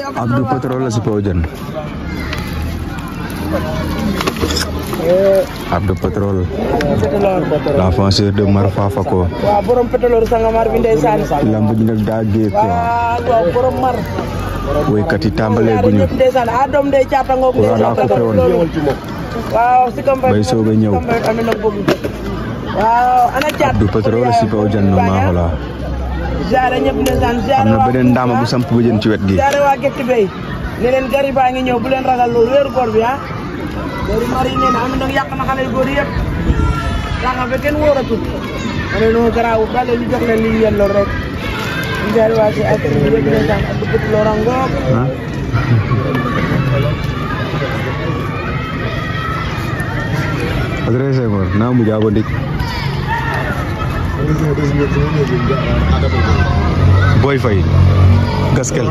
Abdul Petrola si Pojan. Abdul Petrol. Lafa se de Marfa Fako. Wa borom petrol sanga mar binde san. Lambu ñu nak ya. dagge ko. Wa borom mar. Way kati tambale ya, guñu. adom de chapa ngok de chapa ngok. Waaw si kam bay so soga ñew. Waaw ana chat. Abdul Petrol si Pojan no ma hola ziara ñëpp ne saan ziara am na beneen bu samp bu jën ci wet gi ziara wa gett bay ne len gariba baa ngi ñëw bu len ragal loolu wéeru gor bi ha ya. loolu mari ne am na yak na xale góor yëpp daanga ba kenn wóoratul ma ne noo garaawu bale ñu jox len li ñu lo rek ziara wa ci ak ñu wet ne saan ak bëgg lorango adresse ngor na mu jabo dik Boy Faye Gaskel